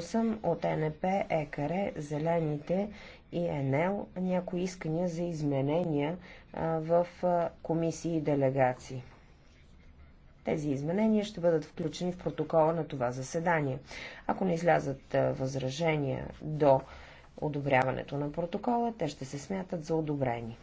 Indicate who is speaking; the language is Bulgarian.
Speaker 1: съм от НП, ЕКАРЕ, Зелените и НЛ някои искания за изменения в комисии и делегации. Тези изменения ще бъдат включени в протокола на това заседание. Ако не излязат възражения до одобряването на протокола, те ще се смятат
Speaker 2: за одобрени.